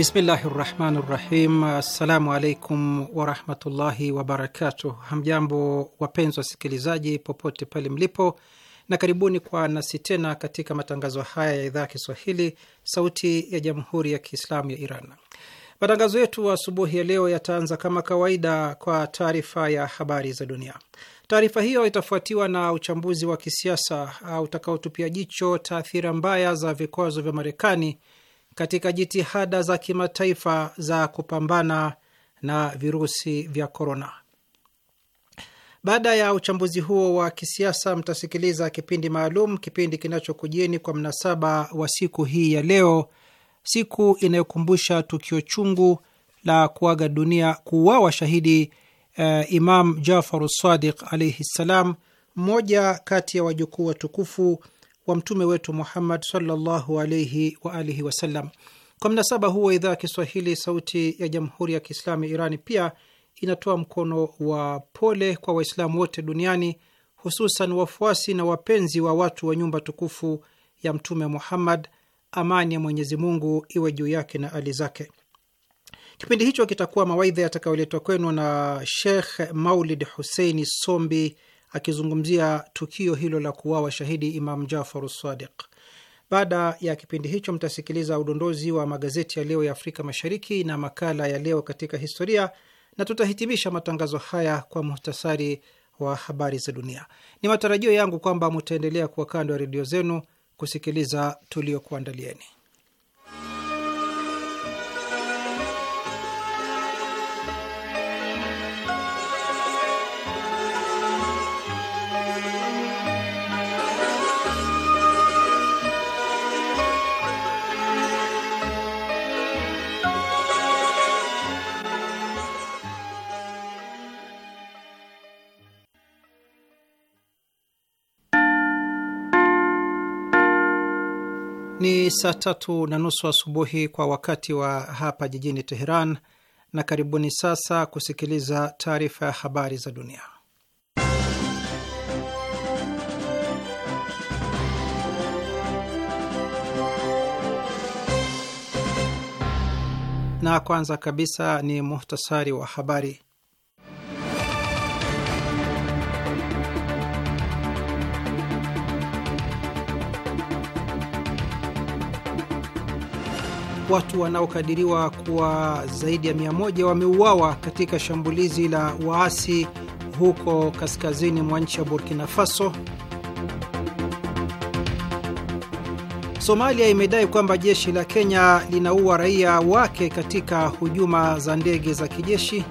Bismillahi rahmani rahim. Assalamu alaikum warahmatullahi wabarakatuh. Hamjambo wapenzi wasikilizaji popote pale mlipo, na karibuni kwa nasi tena katika matangazo haya ya idhaa ya Kiswahili sauti ya jamhuri ya Kiislamu ya Iran. Matangazo yetu asubuhi ya leo yataanza kama kawaida kwa taarifa ya habari za dunia. Taarifa hiyo itafuatiwa na uchambuzi wa kisiasa utakaotupia jicho taathira mbaya za vikwazo vya Marekani katika jitihada za kimataifa za kupambana na virusi vya korona. Baada ya uchambuzi huo wa kisiasa, mtasikiliza kipindi maalum, kipindi kinachokujieni kwa mnasaba wa siku hii ya leo, siku inayokumbusha tukio chungu la kuaga dunia, kuuawa shahidi eh, Imam Jafaru Sadiq alaihi ssalam, mmoja kati ya wajukuu watukufu wa mtume wetu Muhammad sallallahu alaihi wa alihi wasallam. Kwa mnasaba huo, idhaa ya Kiswahili sauti ya jamhuri ya kiislamu ya Irani pia inatoa mkono wa pole kwa Waislamu wote duniani, hususan wafuasi na wapenzi wa watu wa nyumba tukufu ya mtume Muhammad, amani ya Mwenyezi Mungu iwe juu yake na ali zake. Kipindi hicho kitakuwa mawaidha yatakayoletwa kwenu na Shekh Maulid Huseini Sombi akizungumzia tukio hilo la kuuawa shahidi Imam Jafar Sadiq. Baada ya kipindi hicho mtasikiliza udondozi wa magazeti ya leo ya Afrika Mashariki na makala ya leo katika historia, na tutahitimisha matangazo haya kwa muhtasari wa habari za dunia. Ni matarajio yangu kwamba mutaendelea kuwa kando ya redio zenu kusikiliza tuliokuandalieni. saa tatu na nusu asubuhi kwa wakati wa hapa jijini Teheran, na karibuni sasa kusikiliza taarifa ya habari za dunia. Na kwanza kabisa ni muhtasari wa habari. watu wanaokadiriwa kuwa zaidi ya 1 wameuawa katika shambulizi la waasi huko kaskazini mwa nchi ya Burkina Faso. Somalia imedai kwamba jeshi la Kenya linaua raia wake katika hujuma za ndege za kijeshi.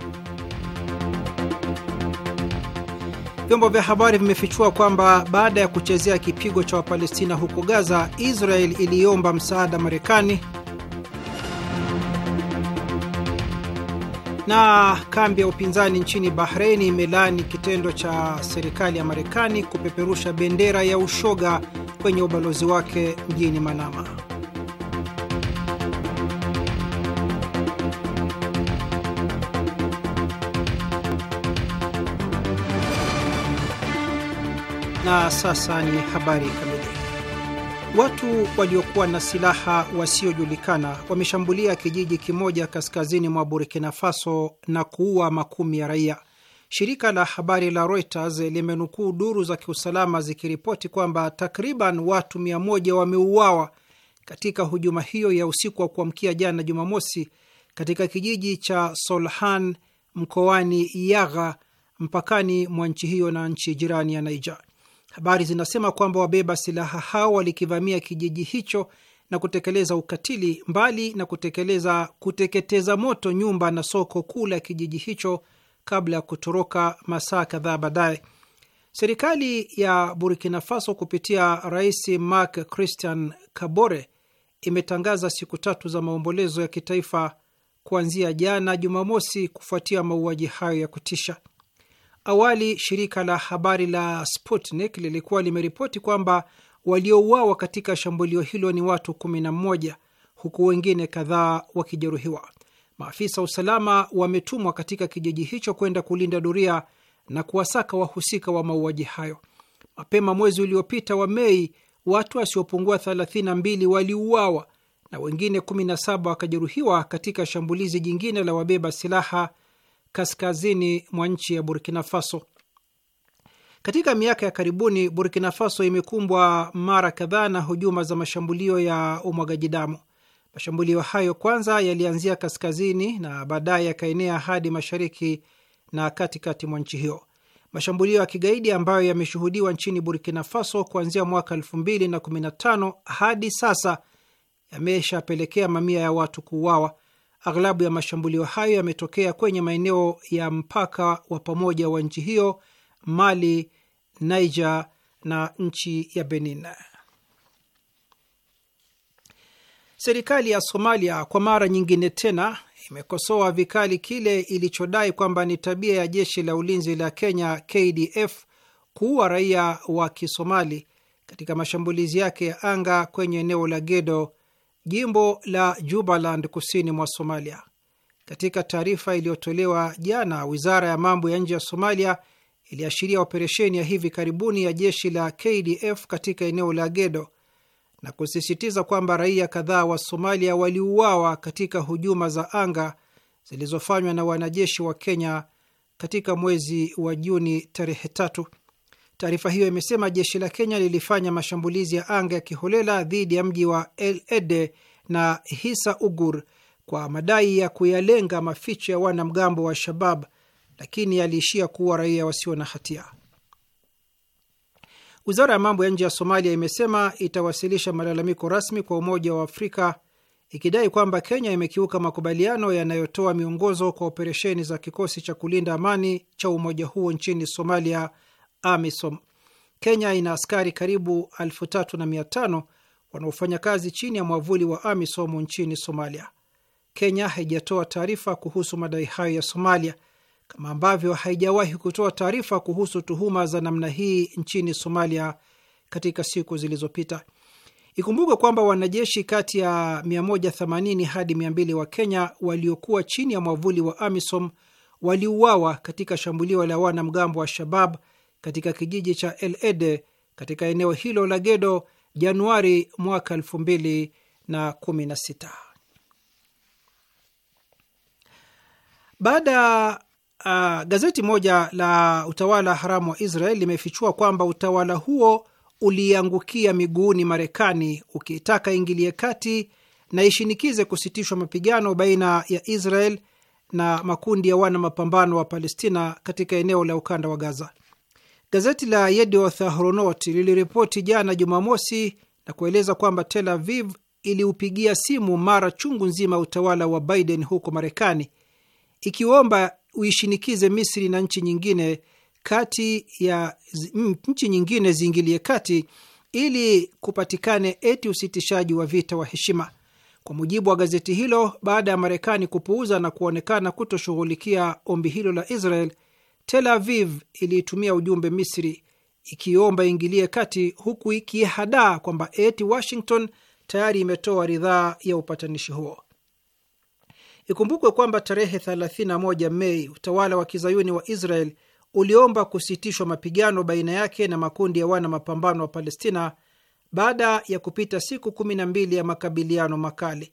Vyombo vya habari vimefichua kwamba baada ya kuchezea kipigo cha Wapalestina huko Gaza, Israel iliomba msaada Marekani. Na kambi ya upinzani nchini Bahrein imelaani kitendo cha serikali ya Marekani kupeperusha bendera ya ushoga kwenye ubalozi wake mjini Manama. Na sasa ni habari Watu waliokuwa na silaha wasiojulikana wameshambulia kijiji kimoja kaskazini mwa Burkina Faso na kuua makumi ya raia. Shirika la habari la Reuters limenukuu duru za kiusalama zikiripoti kwamba takriban watu mia moja wameuawa katika hujuma hiyo ya usiku wa kuamkia jana Jumamosi katika kijiji cha Solhan mkoani Yagha, mpakani mwa nchi hiyo na nchi jirani ya Niger. Habari zinasema kwamba wabeba silaha hao walikivamia kijiji hicho na kutekeleza ukatili, mbali na kutekeleza kuteketeza moto nyumba na soko kuu la kijiji hicho kabla ya kutoroka masaa kadhaa baadaye. Serikali ya Burkina Faso kupitia Rais Marc Christian Kabore imetangaza siku tatu za maombolezo ya kitaifa kuanzia jana Jumamosi, kufuatia mauaji hayo ya kutisha. Awali shirika la habari la Sputnik lilikuwa limeripoti kwamba waliouawa katika shambulio hilo ni watu 11 huku wengine kadhaa wakijeruhiwa. Maafisa wa usalama wametumwa katika kijiji hicho kwenda kulinda doria na kuwasaka wahusika wa mauaji hayo. Mapema mwezi uliopita wa Mei, watu wasiopungua 32 waliuawa na wengine 17 wakajeruhiwa katika shambulizi jingine la wabeba silaha kaskazini mwa nchi ya Burkina Faso. Katika miaka ya karibuni, Burkina Faso imekumbwa mara kadhaa na hujuma za mashambulio ya umwagaji damu. Mashambulio hayo kwanza yalianzia kaskazini na baadaye yakaenea hadi mashariki na katikati mwa nchi hiyo. Mashambulio ya kigaidi ambayo yameshuhudiwa nchini Burkina Faso kuanzia mwaka 2015 hadi sasa yameshapelekea mamia ya watu kuuawa. Aghlabu ya mashambulio hayo yametokea kwenye maeneo ya mpaka wa pamoja wa nchi hiyo, Mali, Niger na nchi ya Benin. Serikali ya Somalia kwa mara nyingine tena imekosoa vikali kile ilichodai kwamba ni tabia ya jeshi la ulinzi la Kenya KDF kuua raia wa Kisomali katika mashambulizi yake ya anga kwenye eneo la Gedo jimbo la Jubaland kusini mwa Somalia. Katika taarifa iliyotolewa jana, wizara ya mambo ya nje ya Somalia iliashiria operesheni ya hivi karibuni ya jeshi la KDF katika eneo la Gedo na kusisitiza kwamba raia kadhaa wa Somalia waliuawa katika hujuma za anga zilizofanywa na wanajeshi wa Kenya katika mwezi wa Juni tarehe tatu. Taarifa hiyo imesema jeshi la Kenya lilifanya mashambulizi ya anga ya kiholela dhidi ya mji wa El Ede na Hisa Ugur kwa madai ya kuyalenga maficho ya wanamgambo wa Shabab, lakini yaliishia kuua raia wasio na hatia. Wizara ya mambo ya nje ya Somalia imesema itawasilisha malalamiko rasmi kwa Umoja wa Afrika ikidai kwamba Kenya imekiuka makubaliano yanayotoa miongozo kwa operesheni za kikosi cha kulinda amani cha umoja huo nchini Somalia AMISOM. Kenya ina askari karibu elfu tatu na mia tano wanaofanya kazi chini ya mwavuli wa AMISOM nchini Somalia. Kenya haijatoa taarifa kuhusu madai hayo ya Somalia, kama ambavyo haijawahi kutoa taarifa kuhusu tuhuma za namna hii nchini Somalia katika siku zilizopita. Ikumbukwe kwamba wanajeshi kati ya 180 hadi 200 wa Kenya waliokuwa chini ya mwavuli wa AMISOM waliuawa katika shambulio la wanamgambo wa Shabab katika kijiji cha El Ede katika eneo hilo la Gedo Januari mwaka elfu mbili na kumi na sita. Baada uh, gazeti moja la utawala haramu wa Israel limefichua kwamba utawala huo uliangukia miguuni Marekani ukitaka ingilie kati na ishinikize kusitishwa mapigano baina ya Israel na makundi ya wana mapambano wa Palestina katika eneo la ukanda wa Gaza. Gazeti la Yedioth Ahronoth liliripoti jana Jumamosi na kueleza kwamba Tel Aviv iliupigia simu mara chungu nzima utawala wa Biden huko Marekani, ikiomba uishinikize Misri na nchi nyingine kati ya nchi nyingine ziingilie kati ili kupatikane eti usitishaji wa vita wa heshima. Kwa mujibu wa gazeti hilo, baada ya Marekani kupuuza na kuonekana kutoshughulikia ombi hilo la Israel, Tel Aviv iliitumia ujumbe Misri ikiomba ingilie kati, huku ikihadaa kwamba eti Washington tayari imetoa ridhaa ya upatanishi huo. Ikumbukwe kwamba tarehe 31 Mei utawala wa kizayuni wa Israel uliomba kusitishwa mapigano baina yake na makundi ya wana mapambano wa Palestina baada ya kupita siku kumi na mbili ya makabiliano makali.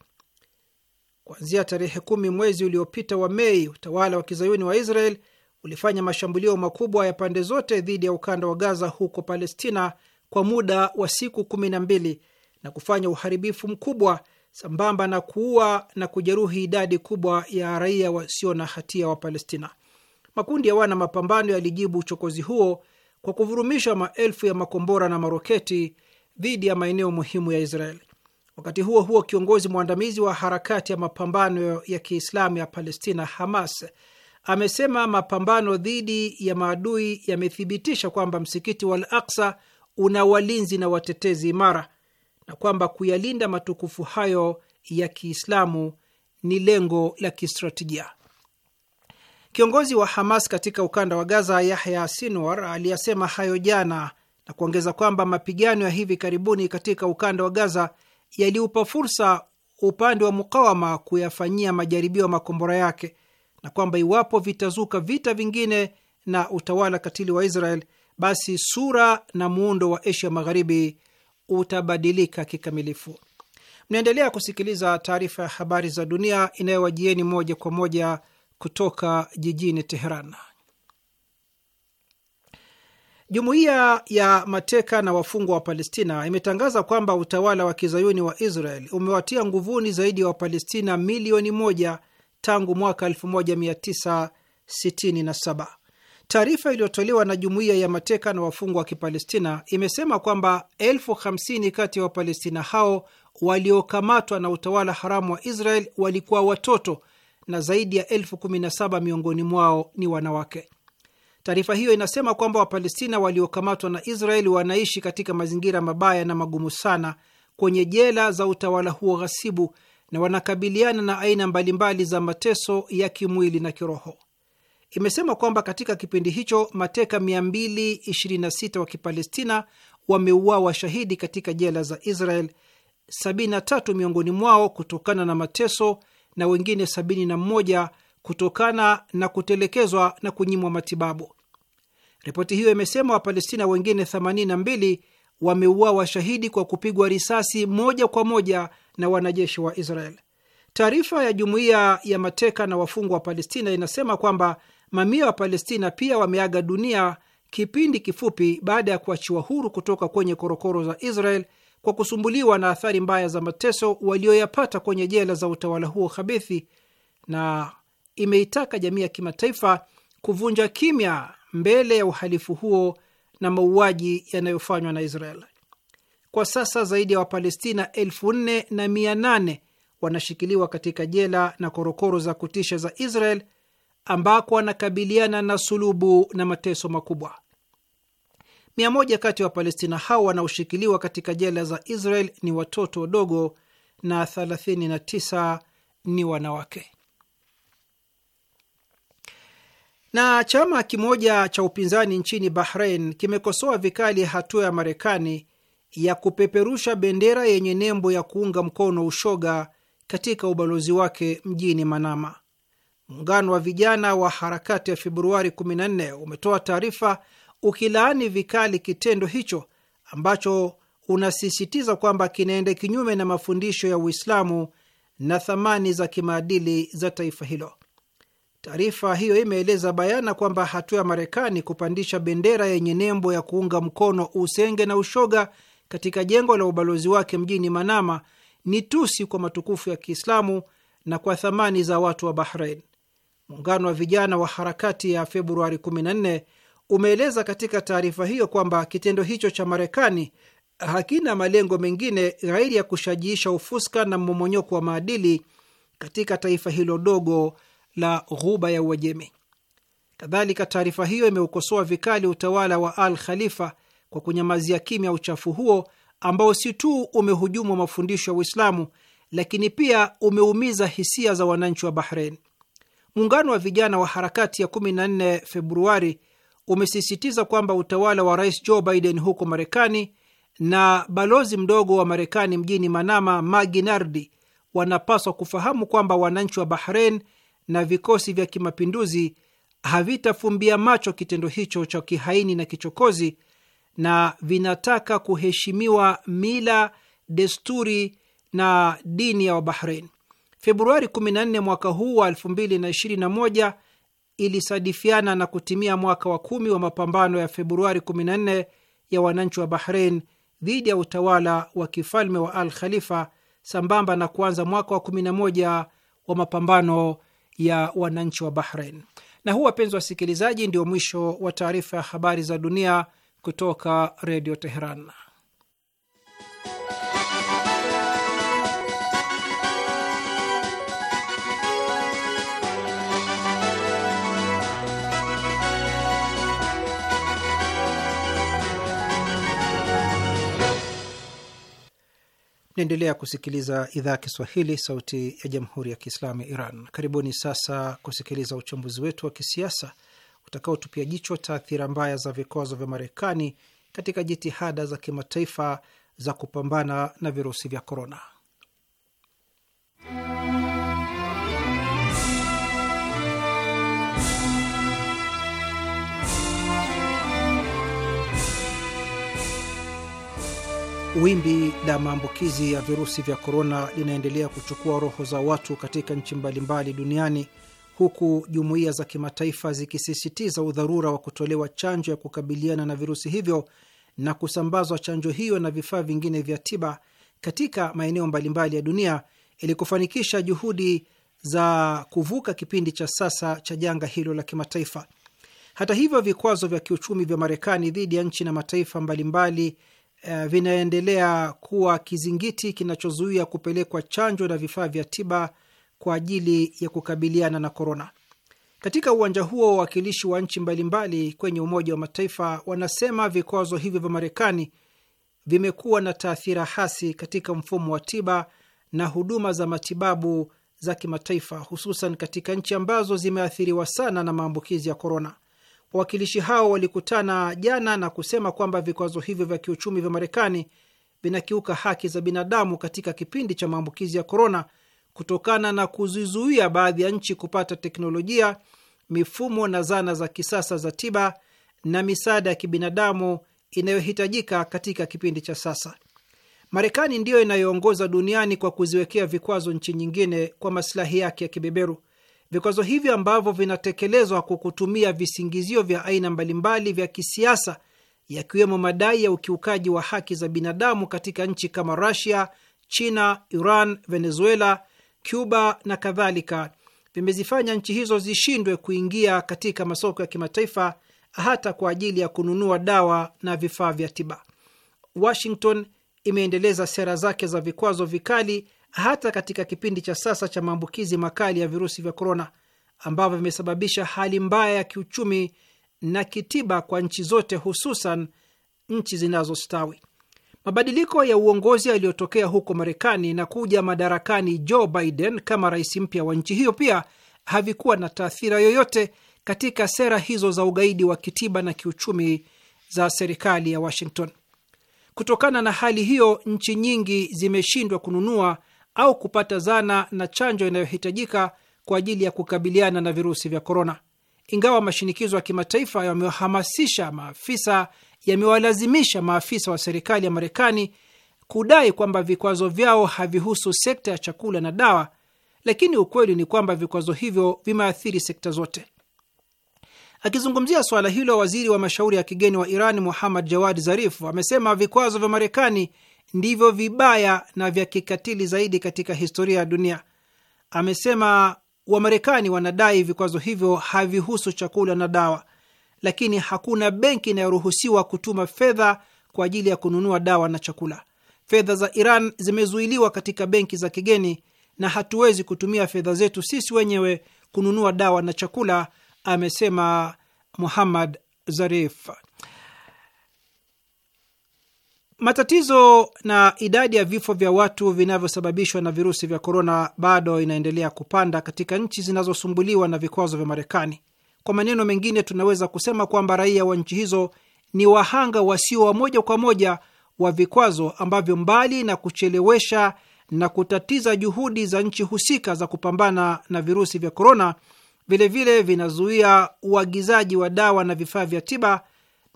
Kuanzia tarehe kumi mwezi uliopita wa Mei, utawala wa kizayuni wa Israel ulifanya mashambulio makubwa ya pande zote dhidi ya ukanda wa Gaza huko Palestina kwa muda wa siku kumi na mbili na kufanya uharibifu mkubwa sambamba na kuua na kujeruhi idadi kubwa ya raia wasio na hatia wa Palestina. Makundi ya wana mapambano yalijibu uchokozi huo kwa kuvurumisha maelfu ya makombora na maroketi dhidi ya maeneo muhimu ya Israeli. Wakati huo huo, kiongozi mwandamizi wa harakati ya mapambano ya Kiislamu ya Palestina, Hamas, amesema mapambano dhidi ya maadui yamethibitisha kwamba msikiti wa Al una walinzi na watetezi imara na kwamba kuyalinda matukufu hayo ya Kiislamu ni lengo la kistratejia. Kiongozi wa Hamas katika ukanda wa Gaza, Yahya Sinwar, aliyasema hayo jana na kuongeza kwamba mapigano ya hivi karibuni katika ukanda wa Gaza yaliupa fursa upande wa mukawama kuyafanyia majaribio makombora yake na kwamba iwapo vitazuka vita vingine na utawala katili wa Israel, basi sura na muundo wa Asia Magharibi utabadilika kikamilifu. Mnaendelea kusikiliza taarifa ya habari za dunia inayowajieni moja kwa moja kutoka jijini Teheran. Jumuiya ya mateka na wafungwa wa Palestina imetangaza kwamba utawala wa kizayuni wa Israel umewatia nguvuni zaidi ya wa Wapalestina milioni moja tangu mwaka 1967. Taarifa iliyotolewa na jumuiya ya mateka na wafungwa wa Kipalestina imesema kwamba elfu hamsini kati ya wa Wapalestina hao waliokamatwa na utawala haramu wa Israel walikuwa watoto na zaidi ya elfu kumi na saba miongoni mwao ni wanawake. Taarifa hiyo inasema kwamba Wapalestina waliokamatwa na Israel wanaishi katika mazingira mabaya na magumu sana kwenye jela za utawala huo ghasibu na wanakabiliana na aina mbalimbali za mateso ya kimwili na kiroho. Imesema kwamba katika kipindi hicho mateka 226 wa Kipalestina wameuawa shahidi katika jela za Israel, 73 miongoni mwao kutokana na mateso na wengine 71 kutokana na kutelekezwa na kunyimwa matibabu. Ripoti hiyo imesema Wapalestina wengine 82 wameua washahidi kwa kupigwa risasi moja kwa moja na wanajeshi wa Israel. Taarifa ya jumuiya ya mateka na wafungwa wa Palestina inasema kwamba mamia wa Palestina pia wameaga dunia kipindi kifupi baada ya kuachiwa huru kutoka kwenye korokoro za Israel kwa kusumbuliwa na athari mbaya za mateso walioyapata kwenye jela za utawala huo khabithi, na imeitaka jamii ya kimataifa kuvunja kimya mbele ya uhalifu huo na mauaji yanayofanywa na Israel. Kwa sasa zaidi ya Wapalestina elfu nne na mia nane wanashikiliwa katika jela na korokoro za kutisha za Israel ambako wanakabiliana na sulubu na mateso makubwa. Mia moja kati ya Wapalestina hao wanaoshikiliwa katika jela za Israel ni watoto wadogo na 39 ni wanawake. Na chama kimoja cha upinzani nchini Bahrain kimekosoa vikali hatua ya Marekani ya kupeperusha bendera yenye nembo ya kuunga mkono ushoga katika ubalozi wake mjini Manama. Muungano wa vijana wa harakati ya Februari 14 umetoa taarifa ukilaani vikali kitendo hicho ambacho unasisitiza kwamba kinaenda kinyume na mafundisho ya Uislamu na thamani za kimaadili za taifa hilo. Taarifa hiyo imeeleza bayana kwamba hatua ya Marekani kupandisha bendera yenye nembo ya kuunga mkono usenge na ushoga katika jengo la ubalozi wake mjini Manama ni tusi kwa matukufu ya Kiislamu na kwa thamani za watu wa Bahrain. Muungano wa vijana wa harakati ya Februari 14 umeeleza katika taarifa hiyo kwamba kitendo hicho cha Marekani hakina malengo mengine ghairi ya kushajiisha ufuska na mmomonyoko wa maadili katika taifa hilo dogo la ghuba ya Uajemi. Kadhalika, taarifa hiyo imeukosoa vikali utawala wa Al Khalifa kwa kunyamazia kimya uchafu huo ambao si tu umehujumu mafundisho ya Uislamu lakini pia umeumiza hisia za wananchi wa Bahrein. Muungano wa vijana wa harakati ya 14 Februari umesisitiza kwamba utawala wa rais Joe Biden huko Marekani na balozi mdogo wa Marekani mjini Manama, maginardi Nardi, wanapaswa kufahamu kwamba wananchi wa Bahrein na vikosi vya kimapinduzi havitafumbia macho kitendo hicho cha kihaini na kichokozi, na vinataka kuheshimiwa mila, desturi na dini ya Wabahrein. Februari 14 mwaka huu wa 2021 ilisadifiana na kutimia mwaka wa kumi wa mapambano ya Februari 14 ya wananchi wa Bahrein dhidi ya utawala wa kifalme wa Al Khalifa, sambamba na kuanza mwaka wa 11 wa mapambano ya wananchi wa Bahrain. Na huu, wapenzi wa wasikilizaji, ndio mwisho wa taarifa ya habari za dunia kutoka Redio Teheran. Naendelea kusikiliza idhaa ya Kiswahili, sauti ya jamhuri ya kiislamu ya Iran. Karibuni sasa kusikiliza uchambuzi wetu wa kisiasa utakaotupia jicho taathira mbaya za vikwazo vya Marekani katika jitihada za kimataifa za kupambana na virusi vya korona. Wimbi la maambukizi ya virusi vya korona linaendelea kuchukua roho za watu katika nchi mbalimbali duniani huku jumuiya za kimataifa zikisisitiza udharura wa kutolewa chanjo ya kukabiliana na virusi hivyo na kusambazwa chanjo hiyo na vifaa vingine vya tiba katika maeneo mbalimbali ya dunia ili kufanikisha juhudi za kuvuka kipindi cha sasa cha janga hilo la kimataifa. Hata hivyo, vikwazo vya kiuchumi vya Marekani dhidi ya nchi na mataifa mbalimbali Eh, vinaendelea kuwa kizingiti kinachozuia kupelekwa chanjo na vifaa vya tiba kwa ajili ya kukabiliana na korona. Katika uwanja huo, wawakilishi wa nchi mbalimbali kwenye Umoja wa Mataifa wanasema vikwazo hivyo vya Marekani vimekuwa na taathira hasi katika mfumo wa tiba na huduma za matibabu za kimataifa, hususan katika nchi ambazo zimeathiriwa sana na maambukizi ya korona. Wawakilishi hao walikutana jana na kusema kwamba vikwazo hivyo vya kiuchumi vya Marekani vinakiuka haki za binadamu katika kipindi cha maambukizi ya korona, kutokana na kuzizuia baadhi ya nchi kupata teknolojia, mifumo na zana za kisasa za tiba na misaada ya kibinadamu inayohitajika katika kipindi cha sasa. Marekani ndiyo inayoongoza duniani kwa kuziwekea vikwazo nchi nyingine kwa masilahi yake ya kibeberu. Vikwazo hivyo ambavyo vinatekelezwa kwa kutumia visingizio vya aina mbalimbali vya kisiasa, yakiwemo madai ya ukiukaji wa haki za binadamu katika nchi kama Rusia, China, Iran, Venezuela, Cuba na kadhalika, vimezifanya nchi hizo zishindwe kuingia katika masoko ya kimataifa hata kwa ajili ya kununua dawa na vifaa vya tiba. Washington imeendeleza sera zake za vikwazo vikali hata katika kipindi cha sasa cha maambukizi makali ya virusi vya korona ambavyo vimesababisha hali mbaya ya kiuchumi na kitiba kwa nchi zote, hususan nchi zinazostawi. Mabadiliko ya uongozi yaliyotokea huko Marekani na kuja madarakani Joe Biden kama rais mpya wa nchi hiyo pia havikuwa na taathira yoyote katika sera hizo za ugaidi wa kitiba na kiuchumi za serikali ya Washington. Kutokana na hali hiyo, nchi nyingi zimeshindwa kununua au kupata zana na chanjo inayohitajika kwa ajili ya kukabiliana na virusi vya korona. Ingawa mashinikizo ya kimataifa yamewahamasisha maafisa, yamewalazimisha maafisa wa serikali ya Marekani kudai kwamba vikwazo vyao havihusu sekta ya chakula na dawa, lakini ukweli ni kwamba vikwazo hivyo vimeathiri sekta zote. Akizungumzia swala hilo, waziri wa mashauri ya kigeni wa Iran Muhammad Jawad Zarif amesema vikwazo vya Marekani ndivyo vibaya na vya kikatili zaidi katika historia ya dunia. Amesema Wamarekani wanadai vikwazo hivyo havihusu chakula na dawa, lakini hakuna benki inayoruhusiwa kutuma fedha kwa ajili ya kununua dawa na chakula. Fedha za Iran zimezuiliwa katika benki za kigeni na hatuwezi kutumia fedha zetu sisi wenyewe kununua dawa na chakula, amesema Muhammad Zarif. Matatizo na idadi ya vifo vya watu vinavyosababishwa na virusi vya korona bado inaendelea kupanda katika nchi zinazosumbuliwa na vikwazo vya Marekani. Kwa maneno mengine, tunaweza kusema kwamba raia wa nchi hizo ni wahanga wasio wa moja kwa moja wa vikwazo ambavyo mbali na kuchelewesha na kutatiza juhudi za nchi husika za kupambana na virusi vya korona, vilevile vinazuia uagizaji wa dawa na vifaa vya tiba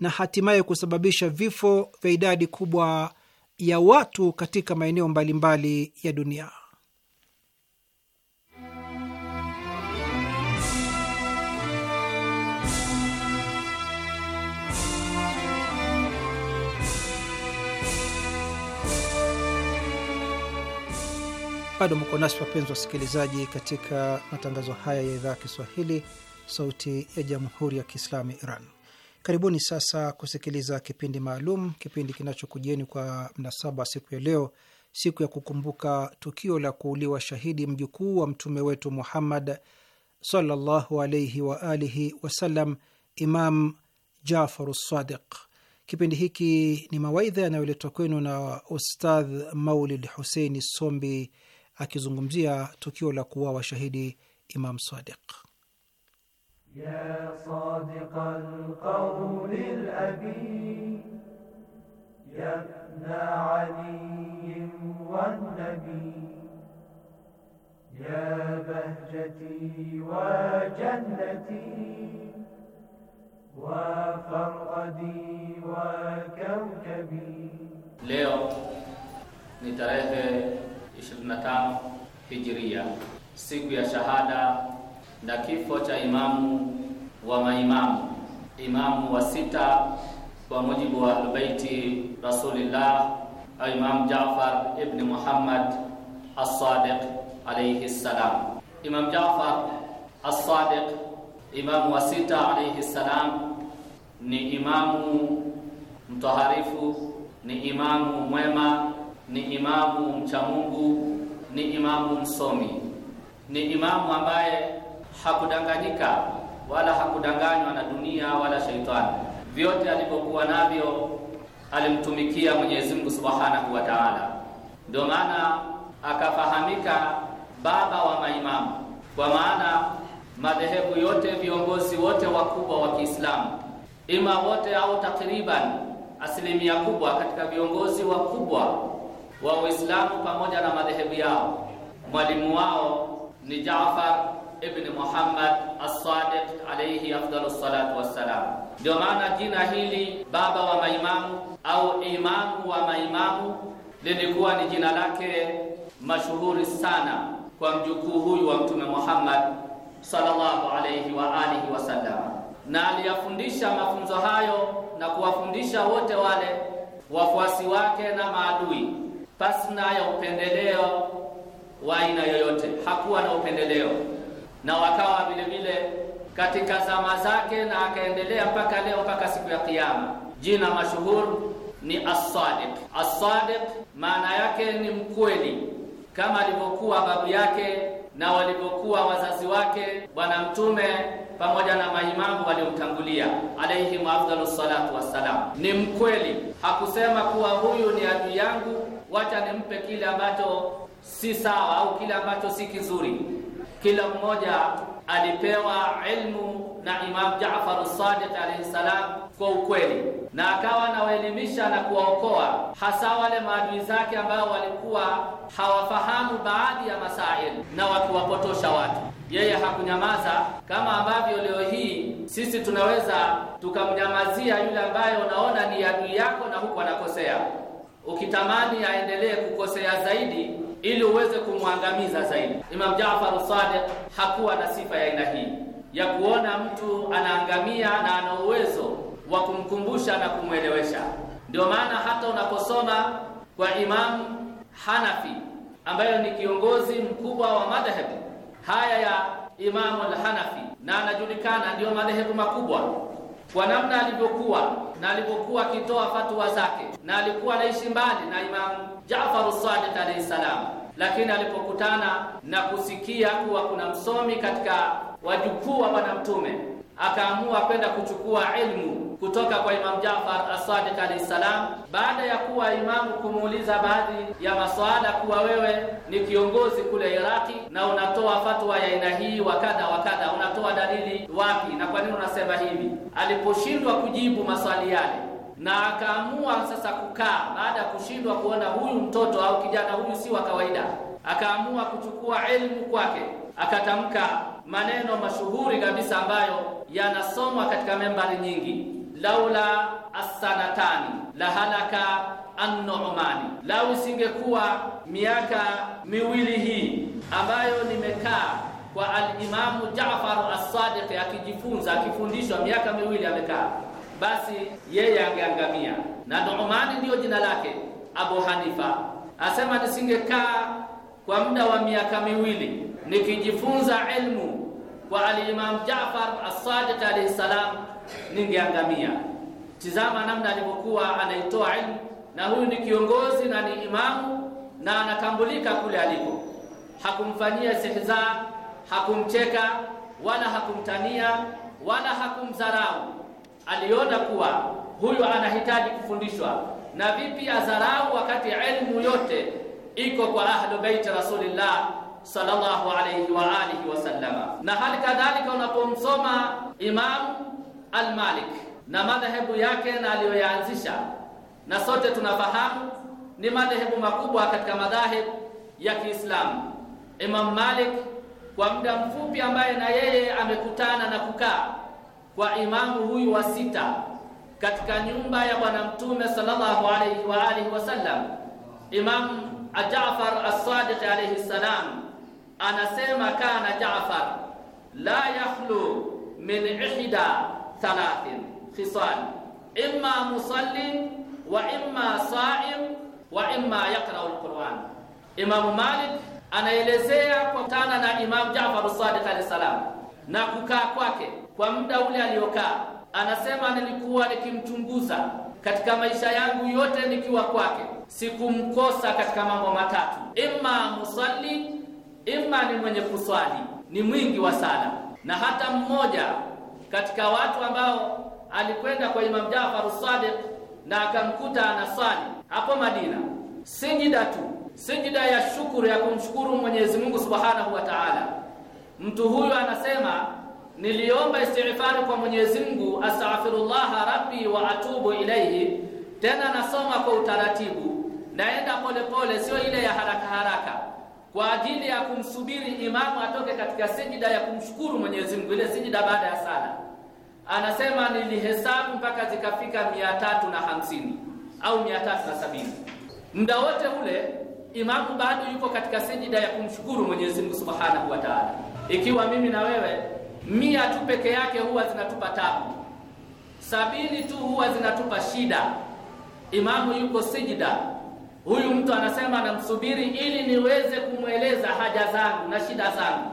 na hatimaye kusababisha vifo vya idadi kubwa ya watu katika maeneo mbalimbali ya dunia. Bado mko nasi wapenzi wasikilizaji, katika matangazo haya ya idhaa ya Kiswahili, Sauti ya Jamhuri ya Kiislamu Iran. Karibuni sasa kusikiliza kipindi maalum, kipindi kinachokujieni kwa mnasaba siku ya leo, siku ya kukumbuka tukio la kuuliwa shahidi mjukuu wa mtume wetu Muhammad sallallahu alaihi wa alihi wasallam, Imam Jafaru Sadiq. Kipindi hiki ni mawaidha yanayoletwa kwenu na Ustadh Maulid Huseini Sombi akizungumzia tukio la kuuawa shahidi Imam Sadiq. يا صادق القول الأبي يا ابن علي والنبي يا بهجتي وجنتي وفرغدي وكوكبي leo ni tarehe 25 Hijiria, siku ya shahada na kifo cha imamu wa maimamu, imamu wa sita kwa mujibu wa albaiti Rasulillah Imam Jafar ibn Muhammad as-Sadiq alayhi salam. Imam Jafar as-Sadiq, imamu wa sita alayhi salam, ni imamu mtoharifu, ni imamu mwema, ni imamu mchamungu, ni imamu msomi, ni imamu ambaye hakudanganyika wala hakudanganywa na dunia wala shaitani. Vyote alivyokuwa navyo alimtumikia Mwenyezi Mungu Subhanahu wa Ta'ala, ndio maana akafahamika baba wa maimamu, kwa maana madhehebu yote, viongozi wote wakubwa wa Kiislamu, ima wote au takriban asilimia kubwa katika viongozi wakubwa wa Uislamu pamoja na madhehebu yao, mwalimu wao ni Jaafar ibn Muhammad as-Sadiq alayhi afdalus salatu wassalam. Ndio maana jina hili baba wa maimamu au imamu wa maimamu lilikuwa ni jina lake mashuhuri sana kwa mjukuu huyu wa Mtume Muhammad sallallahu alayhi wa alihi wasallam, na aliyafundisha mafunzo hayo na kuwafundisha wote wale wafuasi wake na maadui pasina ya upendeleo wa aina yoyote. Hakuwa na upendeleo na wakawa vile vile katika zama zake, na akaendelea mpaka leo, mpaka siku ya Kiyama. Jina mashuhur ni As-Sadiq. As-Sadiq maana yake ni mkweli, kama alivyokuwa babu yake na walivyokuwa wazazi wake Bwana Mtume pamoja na maimamu waliomtangulia alayhim afdalu salatu wassalam. Ni mkweli, hakusema kuwa huyu ni adui yangu, wacha nimpe kile ambacho si sawa au kile ambacho si kizuri kila mmoja alipewa ilmu na Imam Jaafar Sadiq alayhi salam kwa ukweli, na akawa anawaelimisha na kuwaokoa hasa wale maadui zake ambao walikuwa hawafahamu baadhi ya masail na wakiwapotosha watu. Yeye hakunyamaza kama ambavyo leo hii sisi tunaweza tukamnyamazia yule ambaye unaona ni adui yako na huku anakosea, ukitamani aendelee kukosea zaidi ili uweze kumwangamiza zaidi. Imam Jaafar Sadiq hakuwa na sifa ya aina hii ya kuona mtu anaangamia na ana uwezo wa kumkumbusha na kumwelewesha. Ndio maana hata unaposoma kwa Imam Hanafi ambayo ni kiongozi mkubwa wa madhehebu haya ya Imamu al-Hanafi na anajulikana ndiyo madhehebu makubwa kwa namna alivyokuwa na alivyokuwa akitoa fatwa zake, na alikuwa anaishi mbali na Imamu Jafaru Sadiq alayhi salam, lakini alipokutana na kusikia kuwa kuna msomi katika wajukuu wa Bwana Mtume, akaamua kwenda kuchukua ilmu kutoka kwa Imam Jafar As-Sadiq alayhi salam, baada ya kuwa imamu kumuuliza baadhi ya maswala kuwa wewe ni kiongozi kule Iraki na unatoa fatwa ya aina hii wa kadha wa kadha, unatoa dalili wapi na kwa nini unasema hivi? Aliposhindwa kujibu maswali yale na akaamua sasa kukaa baada ya kushindwa kuona huyu mtoto au kijana huyu si wa kawaida, akaamua kuchukua elimu kwake, akatamka maneno mashuhuri kabisa ambayo yanasomwa katika membari nyingi, laula assanatani la halaka an lau isingekuwa miaka miwili hii ambayo nimekaa kwa al-Imamu Jaafar as-Sadiq akijifunza akifundishwa, miaka miwili amekaa basi yeye angeangamia. Na Nuumani ndiyo jina lake. Abu Hanifa asema, nisingekaa kwa muda wa miaka miwili nikijifunza ilmu kwa Alimam jafar As-Sadiq alayhi salam, ningeangamia. Tizama namna alivyokuwa anaitoa ilmu, na huyu ni kiongozi na ni imamu na anatambulika kule alipo. Hakumfanyia istihzaa, hakumcheka wala hakumtania wala hakumdharau aliona kuwa huyu anahitaji kufundishwa, na vipi azarau wakati elimu yote iko kwa ahlu baiti rasulillah sallallahu alayhi wa alihi sallama. Na hali kadhalika unapomsoma Imam al-Malik na madhehebu yake na aliyoyaanzisha, na sote tunafahamu ni madhehebu makubwa katika madhehebu ya Kiislamu. Imam Malik kwa muda mfupi ambaye na yeye amekutana na kukaa kwa imamu huyu wa sita katika nyumba ya Bwana Mtume sallallahu alaihi wa alihi wasallam, Imam Jaafar as-Sadiq alaihi salam anasema kana Jaafar la yakhlu min ihda thalathin khisal imma musalli wa imma saim wa imma yaqra'u al-Quran. Imam Malik anaelezea kwa kutana na Imam Jaafar as-Sadiq alaihi salam na kukaa kwake kwa muda ule aliokaa. Anasema, nilikuwa nikimchunguza katika maisha yangu yote nikiwa kwake, sikumkosa katika mambo matatu: imma musalli, imma ni mwenye kuswali, ni mwingi wa sala. Na hata mmoja katika watu ambao alikwenda kwa Imam Jafar Sadiq na akamkuta anaswali hapo Madina, sijida tu, sijida ya shukuru ya kumshukuru Mwenyezi Mungu Subhanahu wa Ta'ala. Mtu huyu anasema niliomba istighfari kwa Mwenyezi Mungu, astaghfirullah rabbi wa atubu ilayhi. Tena nasoma kwa utaratibu, naenda polepole, sio ile ya haraka haraka, kwa ajili ya kumsubiri imamu atoke katika sijida ya kumshukuru Mwenyezi Mungu, ile sijida baada ya sala. Anasema nilihesabu mpaka zikafika mia tatu na hamsini au mia tatu na sabini muda wote ule imamu bado yuko katika sijida ya kumshukuru Mwenyezi Mungu subhanahu wa taala. Ikiwa mimi na wewe mia tu peke yake huwa zinatupa tabu, sabini tu huwa zinatupa shida. Imamu yuko sijida, huyu mtu anasema namsubiri ili niweze kumweleza haja zangu na shida zangu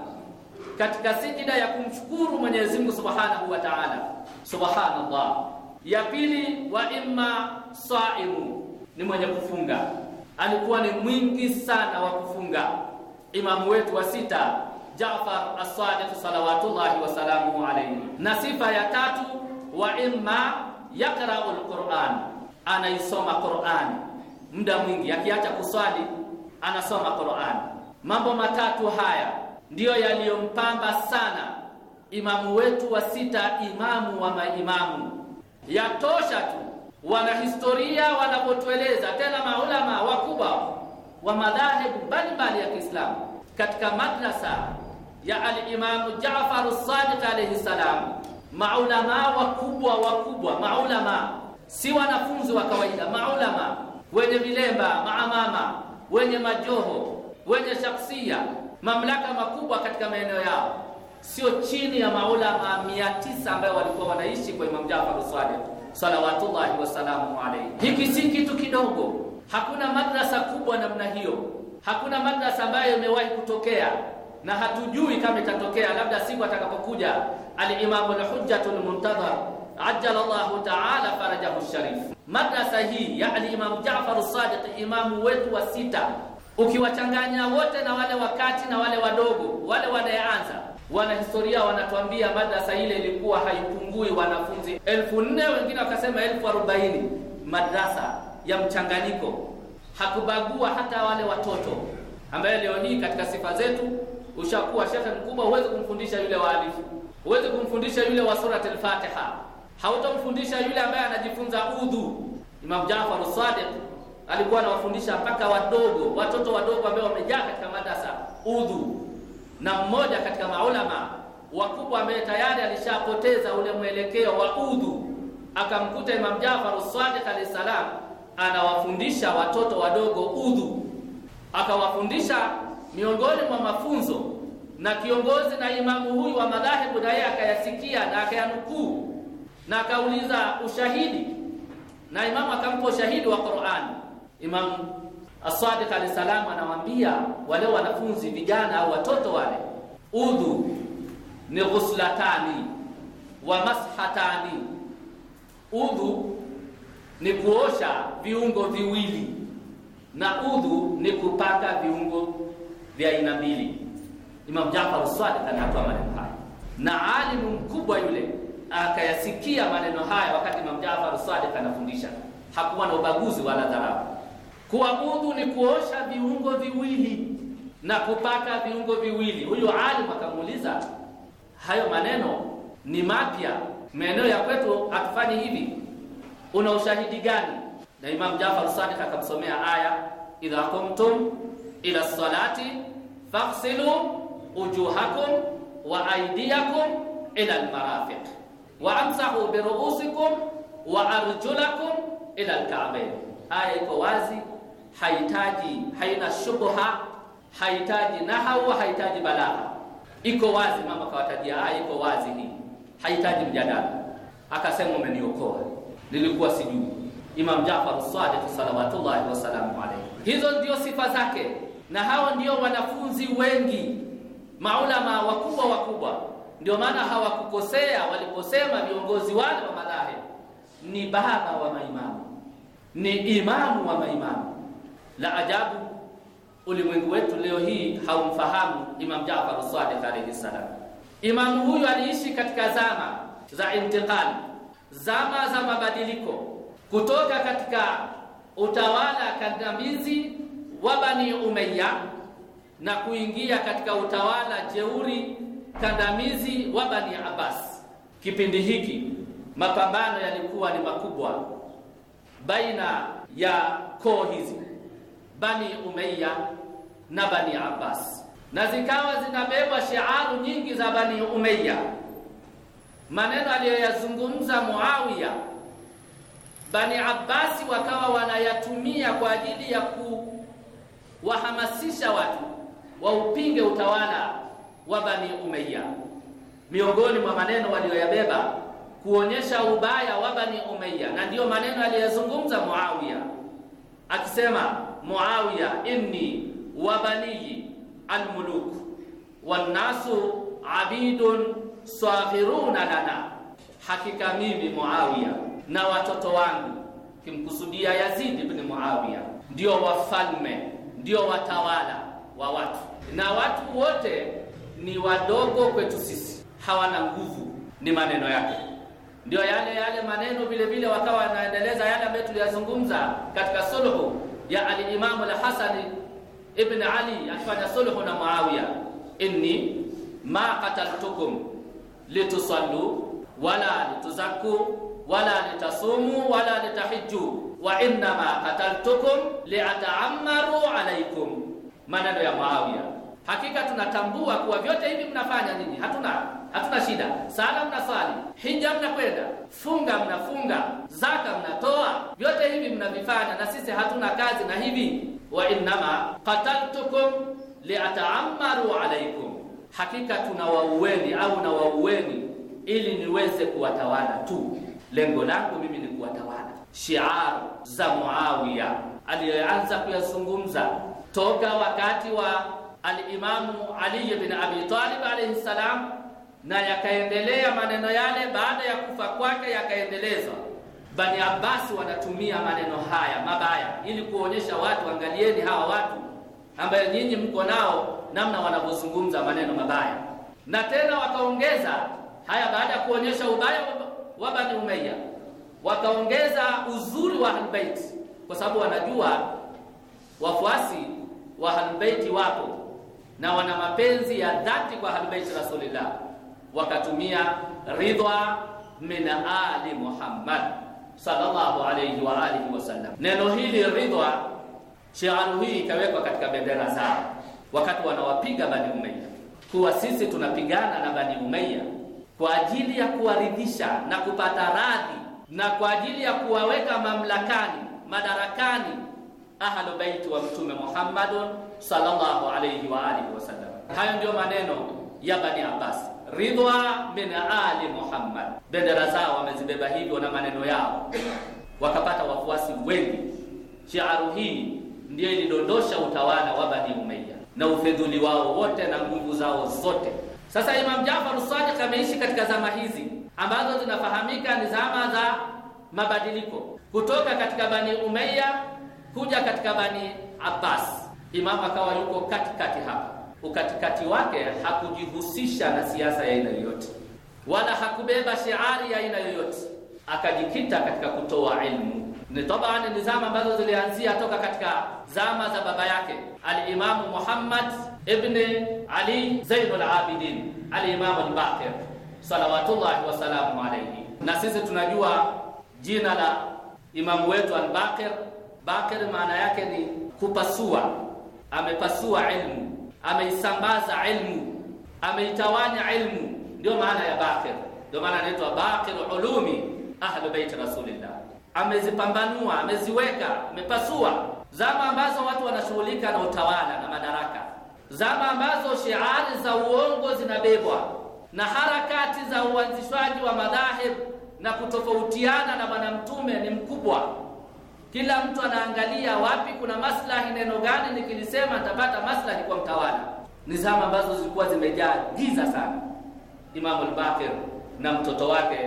katika sijida ya kumshukuru Mwenyezi Mungu Subhanahu wa Ta'ala. Subhanallah. Ya pili, wa imma saimu, ni mwenye kufunga. Alikuwa ni mwingi sana wa kufunga, imamu wetu wa sita Jaafar as-Sadiq salawatullahi wa alayhi. Na sifa ya tatu wa imma yaqra'u al-Qur'an, anaisoma Qur'ani muda mwingi, akiacha kuswali anasoma Qur'ani. Mambo matatu haya ndiyo yaliyompamba sana imamu wetu wa sita, imamu wa maimamu. Yatosha tu wanahistoria wanapotueleza, tena maulama wakubwa wa madhahebu mbalimbali ya Kiislamu katika madrasa ya alimamu Jafaru Sadiq alayhi salam, maulama wakubwa wakubwa, maulama si wanafunzi wa kawaida, maulama wenye vilemba, maamama, wenye majoho, wenye shaksia, mamlaka makubwa katika maeneo yao, sio chini ya maulamaa mia tisa ambayo walikuwa wanaishi kwa Imam jafar Sadiq salawatullahi wasalamu alayhi. Hiki si kitu kidogo, hakuna madrasa kubwa namna hiyo, hakuna madrasa ambayo imewahi kutokea na hatujui kama itatokea, labda siku atakapokuja alimamu imam al-Hujjatul Muntadhar ajjala Allahu ta'ala farajahu sharif. Madrasa hii ya alimamu jafaru Jaafar as-Sadiq, imamu wetu wa sita, ukiwachanganya wote na wale wakati na wale wadogo, wale wanayeanza Wanahistoria wanatuambia madrasa ile ilikuwa haipungui wanafunzi elfu nne wengine wakasema elfu arobaini Madrasa ya mchanganyiko, hakubagua hata wale watoto, ambayo leo hii katika sifa zetu ushakuwa shekhe mkubwa, huwezi kumfundisha yule waalifu, huwezi kumfundisha yule wa surat al-Fatiha, hautamfundisha yule ambaye anajifunza udhu. Imam jafar Sadiq alikuwa anawafundisha mpaka wadogo, watoto wadogo ambao wamejaa katika madrasa udhu, na mmoja katika maulama wakubwa ambaye tayari alishapoteza ule mwelekeo wa udhu, akamkuta Imam jafar Sadiq alayhi salam anawafundisha watoto wadogo udhu, akawafundisha miongoni mwa mafunzo na kiongozi na imamu huyu wa madhahibu, naye akayasikia na akayanukuu na akauliza ushahidi, na imamu akampa ushahidi wa Qur'ani. Imamu asadik sadiq alayhi salam anawaambia wale wanafunzi vijana au watoto wale, udhu ni ghuslatani wa mashatani, udhu ni kuosha viungo viwili na udhu ni kupaka viungo vya aina mbili. Imam Jaafar Sadiq anatoa maneno haya, na alimu mkubwa yule akayasikia maneno haya wakati Imam Jaafar Sadiq anafundisha. Hakuwa na ubaguzi wala dharau. Kuabudu ni kuosha viungo viwili na kupaka viungo viwili. Huyu alimu akamuuliza, hayo maneno ni mapya, maeneo ya kwetu hatufanyi hivi, una ushahidi gani? Na Imam Jaafar Sadiq akamsomea aya idha kuntum ila salati faghsilu wujuhakum wa aydiyakum ila almarafiq wa amsahu bi ru'usikum wa arjulakum ila alka'bayn. Aya iko wazi, haitaji haina shubha, haitaji nahau, haitaji balagha, iko wazi. Mama kawatajia, aya iko wazi hii, haitaji mjadala. Akasema umeniokoa, nilikuwa sijui. Imam jafar Sadiq salawatullahi wasalamu alayhi, hizo ndio sifa zake na hawa ndio wanafunzi wengi maulama wakubwa wakubwa. Ndio maana hawakukosea waliposema viongozi wale wa madhehebu ni baba wa maimamu, ni imamu wa maimamu. La ajabu, ulimwengu wetu leo hii haumfahamu Imam jafar sadiq alaihi salam. Imamu huyu aliishi katika zama za intiqali, zama za mabadiliko kutoka katika utawala kandamizi wa Bani Umayya na kuingia katika utawala jeuri kandamizi wa Bani Abbas. Kipindi hiki mapambano yalikuwa ni makubwa baina ya koo hizi Bani Umayya na Bani Abbas, na zikawa zinabebwa shiaru nyingi za Bani Umayya. Maneno aliyoyazungumza Muawiya, Bani Abbasi wakawa wanayatumia kwa ajili ya ku wahamasisha watu waupinge utawala wa Bani Umayya. Miongoni mwa maneno waliyoyabeba kuonyesha ubaya wa Bani Umayya, na ndiyo maneno aliyozungumza Muawiya akisema, Muawiya inni wa baniyi almuluk wannasu abidun saghiruna lana, hakika mimi Muawiya na watoto wangu, kimkusudia Yazid ibn Muawiya, ndio wafalme ndio watawala wa watu, na watu wote ni wadogo kwetu sisi, hawana nguvu. Ni maneno yake, ndio yale yale maneno vile vile wakawa wanaendeleza yale ambayo tuliyazungumza katika suluhu ya alimamu lhasani hasan ibn Ali akifanya suluhu na Muawiya, inni ma qataltukum litusallu wala lituzakku wala litasumu wala litahiju wa innama qataltukum liata'ammaru alaikum, maneno ya Muawiya. Hakika tunatambua kuwa vyote hivi mnafanya nini, hatuna hatuna shida. Sala mnasali, hija mnakwenda, funga mnafunga, zaka mnatoa, vyote hivi mnavifanya, na sisi hatuna kazi na hivi. Wa innama qataltukum liata'ammaru alaikum, hakika tunawaueni au nawaueni ili niweze kuwatawala tu lengo langu mimi ni kuwatawala. Shiar za Muawiya aliyoanza kuyazungumza toka wakati wa alimamu Ali bin Abi Talib alayhi salam, na yakaendelea maneno yale baada ya kufa kwake yakaendelezwa. Bani Abbas wanatumia maneno haya mabaya ili kuonyesha watu, angalieni hawa watu ambayo nyinyi mko nao, namna wanavyozungumza maneno mabaya. Na tena wakaongeza haya baada ya kuonyesha ubaya wa Bani Umayya wakaongeza uzuri wa Ahlulbeit kwa sababu wanajua wafuasi wa Ahlulbeit wapo na wana mapenzi ya dhati kwa Ahlulbeit Rasulillah, wakatumia ridha min ali Muhammad sallallahu alayhi wa alihi wasallam. Neno hili ridha, shiaru hii ikawekwa katika bendera zao wakati wanawapiga Bani Umayya, kuwa sisi tunapigana na Bani Umayya kwa ajili ya kuwaridhisha na kupata radhi na kwa ajili ya kuwaweka mamlakani, madarakani ahlu baiti wa Mtume Muhammad sallallahu alayhi wa alihi wasallam. Hayo ndiyo maneno ya Bani Abbas, ridwa min ali Muhammad. Bendera zao wamezibeba hivyo na maneno yao, wakapata wafuasi wengi. Shiaru hii ndiyo ilidondosha utawala wa Bani Umayya na ufedhuli wao wote na nguvu zao zote sasa Imam Jaafar Sadiq ameishi katika zama hizi ambazo zinafahamika ni zama za mabadiliko, kutoka katika Bani Umayya kuja katika Bani Abbas. Imam akawa yuko katikati hapa. Ukatikati wake hakujihusisha na siasa ya aina yoyote, wala hakubeba shiari ya aina yoyote, akajikita katika kutoa ilmu ni taban ni zama ambazo zilianzia toka katika zama za baba yake Al-Imam Muhammad ibn Ali Zainul Abidin Al-Imam Al-Baqir salawatullahi wa salamu alayhi. Na sisi tunajua jina la imamu wetu Al-Baqir. Baqir maana yake ni kupasua, amepasua ilmu, ameisambaza ilmu, ameitawanya ilmu, ndio maana ya Baqir, ndio maana anaitwa Baqir ulumi ahlu bait Rasulillah amezipambanua, ameziweka, amepasua. Zama ambazo watu wanashughulika na utawala na madaraka, zama ambazo shiari za uongo zinabebwa na harakati za uanzishwaji wa madhahib na kutofautiana na Bwana Mtume ni mkubwa. Kila mtu anaangalia wapi kuna maslahi, neno gani nikilisema nitapata maslahi kwa mtawala. Ni zama ambazo zilikuwa zimejaa giza sana. Imamu al na mtoto wake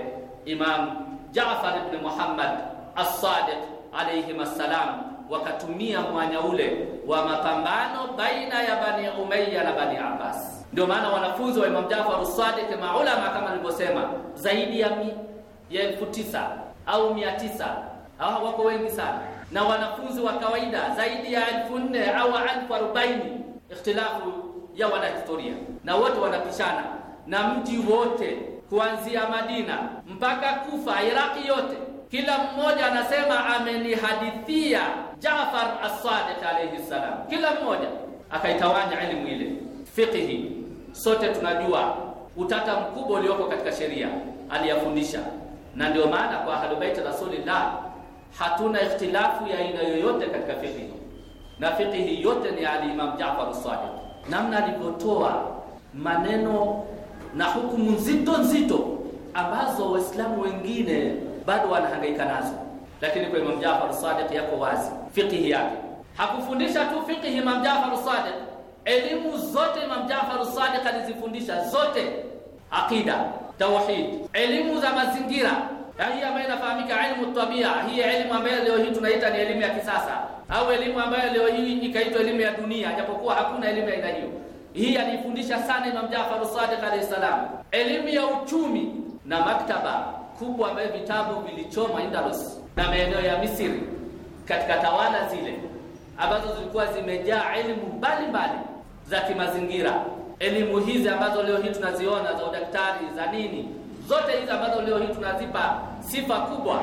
Imam Jafar ibn Muhammad as-Sadiq alayhi assalam wakatumia mwanya ule wa mapambano baina ya Bani Umayya na Bani Abbas. Ndio maana wanafunzi wa Imam Jafar as-Sadiq maulama kama nilivyosema, zaidi ya mi, ya elfu tisa au mia tisa hawa wako wengi sana, na wanafunzi wa kawaida zaidi ya elfu nne au elfu arobaini ikhtilafu ya wanahistoria, na wote wanapishana na mji wote kuanzia Madina mpaka Kufa, Iraki yote kila mmoja anasema amenihadithia Jaafar as-Sadiq alayhi salam. Kila mmoja akaitawanya elimu ile fiqhi. Sote tunajua utata mkubwa ulioko katika sheria aliyafundisha, na ndio maana kwa ahlubaiti rasulillah hatuna ikhtilafu ya aina yoyote katika fiqhi, na fiqhi yote ni alimam Jaafar as-Sadiq, namna alivyotoa maneno na hukumu nzito nzito ambazo Waislamu wengine bado wanahangaika nazo, lakini kwa Imam Jaafar Sadiq yako wazi fikihi yake. Hakufundisha tu fikihi Imam Jaafar Sadiq, elimu zote Imam Jaafar Sadiq alizifundisha zote, aqida, tauhid, elimu za mazingira hii ambayo inafahamika ilmu tabia, hii elimu ambayo leo hii tunaita ni elimu ya kisasa au elimu ambayo leo hii ikaitwa elimu ya dunia, japokuwa hakuna elimu ya aina hiyo. Hii alifundisha sana Imam Jaafar Sadiq alayhi salam, elimu ya uchumi na maktaba kubwa ambayo vitabu vilichoma Indalus na maeneo ya Misri katika tawala zile ambazo zilikuwa zimejaa elimu mbalimbali za kimazingira. Elimu hizi ambazo leo hii tunaziona za udaktari za nini, zote hizi ambazo leo hii tunazipa sifa kubwa,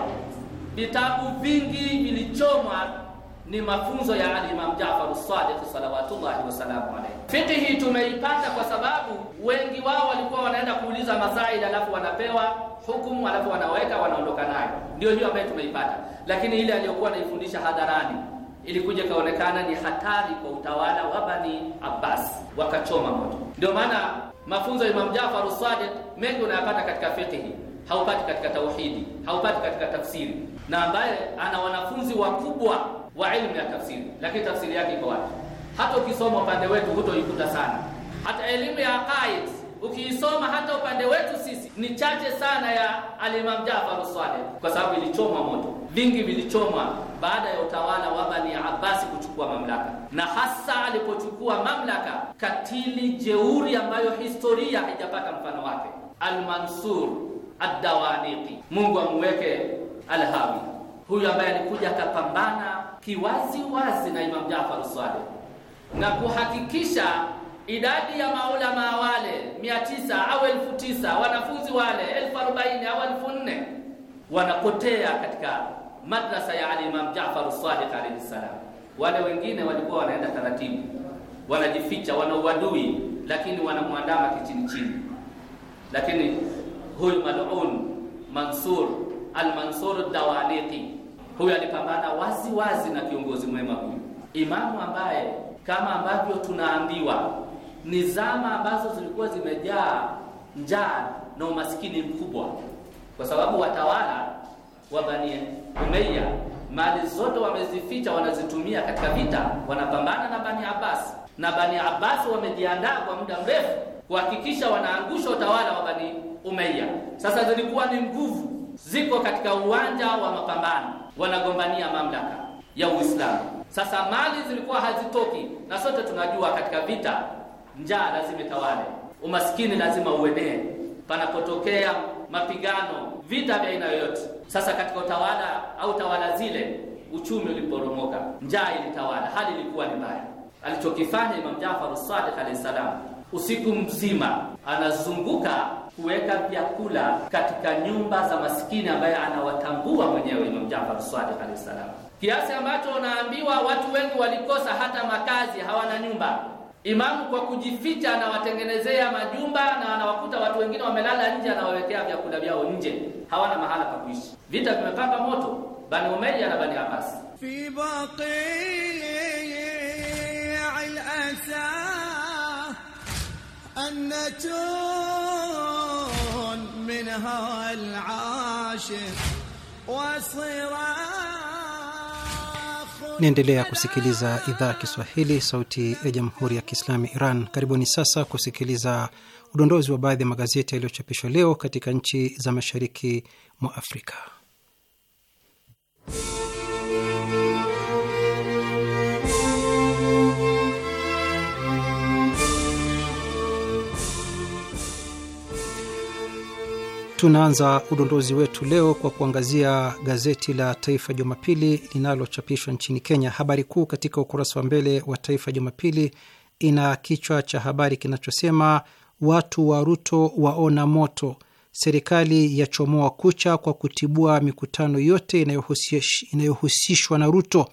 vitabu vingi vilichomwa ni mafunzo ya Al-Imam Jaafar As-Sadiq salawatullahi wasalamu alayhi. Fiqh hii tumeipata kwa sababu wengi wao walikuwa wanaenda kuuliza masaili, alafu wanapewa hukumu, alafu wanaweka wanaondoka nayo. Ndio hiyo ambayo tumeipata, lakini ile aliyokuwa anaifundisha hadharani ilikuja kaonekana ni hatari kwa utawala wa Bani Abbas, wakachoma moto. Ndio maana mafunzo ya Imam Jafar As-Sadiq mengi unayapata katika fiqh haupati katika tauhidi, haupati katika tafsiri, na ambaye ana wanafunzi wakubwa wa ilmu ya tafsiri, lakini tafsiri yake iko wapi? Hata ukisoma upande wetu hutoikuta sana. Hata elimu ya aqaid ukiisoma hata upande wetu sisi ni chache sana ya Alimam Jafar Saleh, kwa sababu ilichomwa moto, vingi vilichomwa baada ya utawala wa Bani Abbasi kuchukua mamlaka, na hasa alipochukua mamlaka, katili jeuri ambayo historia haijapata mfano wake, Almansur Adawaniqi, Mungu amuweke Alhawi, huyu ambaye alikuja akapambana kiwazi wazi na Imam jafar Sadiq na kuhakikisha idadi ya maulama wale 900 au 1000 wanafunzi wale 1040 au 1004 wanapotea katika madrasa ya Ali Imam jafar Sadiq alayhi salam. Wale wengine walikuwa wanaenda taratibu, wanajificha, wanauadui, lakini wanamwandama kichini chini. Lakini huyu mal'un Mansur al-Mansur al huyo alipambana wazi wazi na kiongozi mwema huyu, imamu ambaye kama ambavyo tunaambiwa ni zama ambazo zilikuwa zimejaa njaa na umasikini mkubwa, kwa sababu watawala wa Bani Umayya mali zote wamezificha, wanazitumia katika vita, wanapambana na Bani Abbas, na Bani Abbas wamejiandaa kwa muda mrefu kuhakikisha wanaangusha utawala wa Bani Umayya. Sasa zilikuwa ni nguvu ziko katika uwanja wa mapambano wanagombania mamlaka ya Uislamu. Sasa mali zilikuwa hazitoki, na sote tunajua katika vita njaa lazima itawale, umaskini lazima uenee panapotokea mapigano, vita vya aina yoyote. Sasa katika utawala au tawala zile, uchumi uliporomoka, njaa ilitawala, hali ilikuwa ni mbaya. Alichokifanya Imam Jaafar Sadiq alayhi salam usiku mzima, anazunguka kuweka vyakula katika nyumba za masikini ambaye anawatambua mwenyewe Imam Jafar Sadiq alayhi salam, kiasi ambacho unaambiwa watu wengi walikosa hata makazi, hawana nyumba. Imamu kwa kujificha anawatengenezea majumba na anawakuta watu wengine wamelala nje, anawawekea vyakula vyao nje, hawana mahala pa kuishi. Vita vimepaka moto Bani Umayya na Bani Abbas fi جنة منها العاشق وصراخ. Niendelea kusikiliza idhaa Kiswahili, sauti ya jamhuri ya kiislamu Iran. Karibuni sasa kusikiliza udondozi wa baadhi ya magazeti yaliyochapishwa leo katika nchi za mashariki mwa Afrika. Tunaanza udondozi wetu leo kwa kuangazia gazeti la Taifa Jumapili linalochapishwa nchini Kenya. Habari kuu katika ukurasa wa mbele wa Taifa Jumapili ina kichwa cha habari kinachosema watu wa Ruto waona moto, serikali yachomoa kucha kwa kutibua mikutano yote inayohusishwa na Ruto.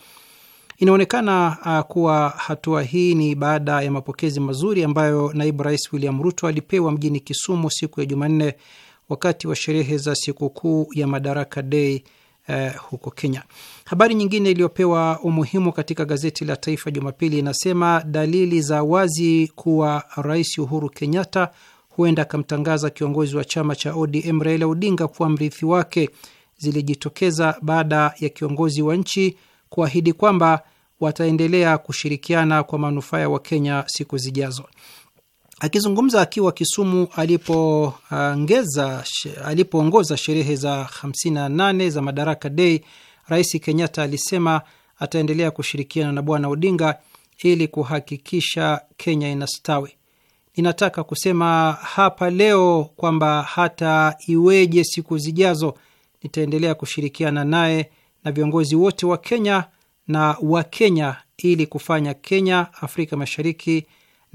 Inaonekana uh, kuwa hatua hii ni baada ya mapokezi mazuri ambayo naibu rais William Ruto alipewa mjini Kisumu siku ya Jumanne wakati wa sherehe za sikukuu ya Madaraka Day uh, huko Kenya. Habari nyingine iliyopewa umuhimu katika gazeti la Taifa Jumapili inasema dalili za wazi kuwa Rais Uhuru Kenyatta huenda akamtangaza kiongozi wa chama cha ODM Raila Odinga kuwa mrithi wake zilijitokeza baada ya kiongozi wa nchi kuahidi kwamba wataendelea kushirikiana kwa manufaa ya Wakenya siku zijazo. Akizungumza akiwa Kisumu uh, alipoongoza alipo sherehe za 58 za Madaraka Dei, Rais Kenyatta alisema ataendelea kushirikiana na Bwana Odinga ili kuhakikisha Kenya inastawi. Ninataka kusema hapa leo kwamba hata iweje siku zijazo, nitaendelea kushirikiana naye na viongozi wote wa Kenya na wa Kenya ili kufanya Kenya, Afrika Mashariki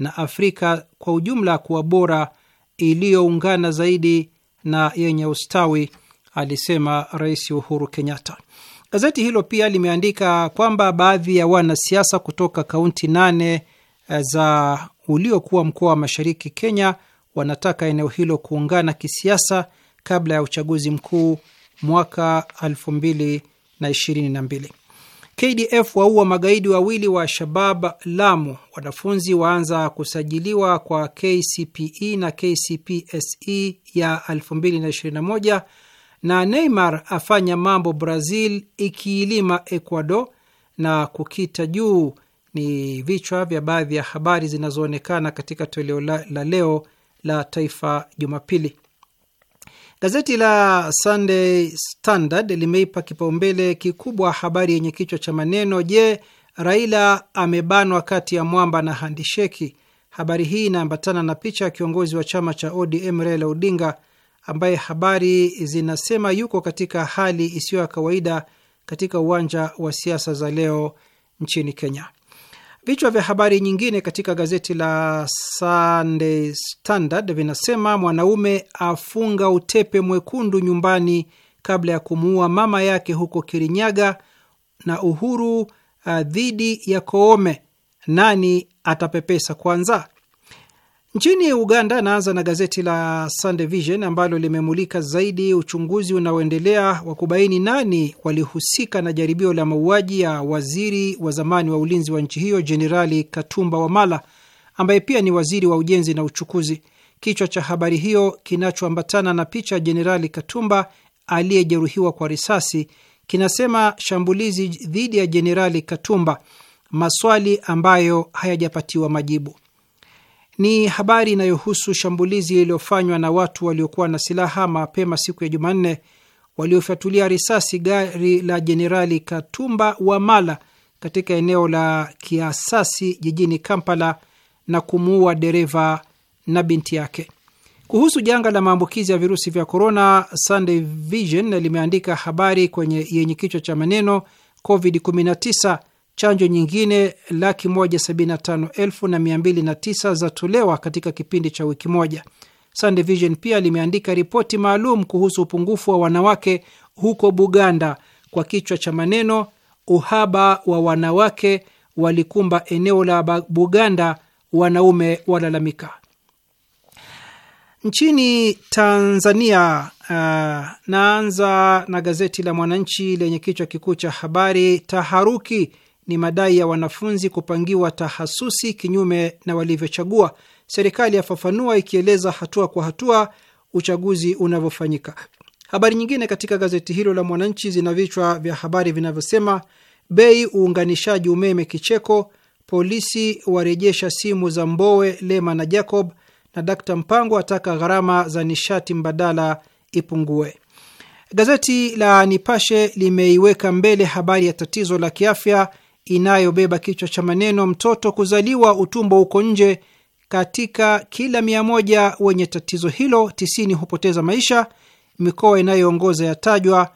na Afrika kwa ujumla kuwa bora, iliyoungana zaidi na yenye ustawi, alisema Rais Uhuru Kenyatta. Gazeti hilo pia limeandika kwamba baadhi ya wanasiasa kutoka kaunti nane eh, za uliokuwa mkoa wa mashariki Kenya wanataka eneo hilo kuungana kisiasa kabla ya uchaguzi mkuu mwaka 2022. KDF waua magaidi wawili wa Shabab Lamu. Wanafunzi waanza kusajiliwa kwa KCPE na KCPSE ya 2021 na Neymar afanya mambo Brazil ikiilima Ecuador na kukita juu. Ni vichwa vya baadhi ya habari zinazoonekana katika toleo la leo la Taifa Jumapili. Gazeti la Sunday Standard limeipa kipaumbele kikubwa habari yenye kichwa cha maneno, Je, Raila amebanwa kati ya mwamba na handisheki? Habari hii inaambatana na picha ya kiongozi wa chama cha ODM Raila Odinga ambaye habari zinasema yuko katika hali isiyo ya kawaida katika uwanja wa siasa za leo nchini Kenya. Vichwa vya habari nyingine katika gazeti la Sunday Standard vinasema mwanaume afunga utepe mwekundu nyumbani kabla ya kumuua mama yake huko Kirinyaga, na Uhuru uh, dhidi ya Koome, nani atapepesa kwanza? Nchini Uganda, naanza na gazeti la Sunday Vision ambalo limemulika zaidi uchunguzi unaoendelea wa kubaini nani walihusika na jaribio la mauaji ya waziri wa zamani wa ulinzi wa nchi hiyo Jenerali Katumba Wamala, ambaye pia ni waziri wa ujenzi na uchukuzi. Kichwa cha habari hiyo kinachoambatana na picha ya Jenerali Katumba aliyejeruhiwa kwa risasi kinasema, shambulizi dhidi ya Jenerali Katumba, maswali ambayo hayajapatiwa majibu. Ni habari inayohusu shambulizi iliyofanywa na watu waliokuwa na silaha mapema siku ya Jumanne waliofyatulia risasi gari la Jenerali Katumba wa mala katika eneo la Kiasasi jijini Kampala na kumuua dereva na binti yake. Kuhusu janga la maambukizi ya virusi vya korona, Sunday Vision limeandika habari kwenye yenye kichwa cha maneno COVID-19 Chanjo nyingine laki moja sabini na tano elfu na mia mbili na tisa zatolewa katika kipindi cha wiki moja. Sunday Vision pia limeandika ripoti maalum kuhusu upungufu wa wanawake huko Buganda kwa kichwa cha maneno uhaba wa wanawake walikumba eneo la Buganda, wanaume walalamika. Nchini Tanzania, uh, naanza na gazeti la Mwananchi lenye kichwa kikuu cha habari taharuki ni madai ya wanafunzi kupangiwa tahasusi kinyume na walivyochagua. Serikali yafafanua ikieleza hatua kwa hatua uchaguzi unavyofanyika. Habari nyingine katika gazeti hilo la Mwananchi zina vichwa vya habari vinavyosema bei uunganishaji umeme kicheko, polisi warejesha simu za Mbowe, Lema na Jacob, na Dakta Mpango ataka gharama za nishati mbadala ipungue. Gazeti la Nipashe limeiweka mbele habari ya tatizo la kiafya inayobeba kichwa cha maneno mtoto kuzaliwa utumbo uko nje, katika kila mia moja wenye tatizo hilo tisini hupoteza maisha. Mikoa inayoongoza yatajwa,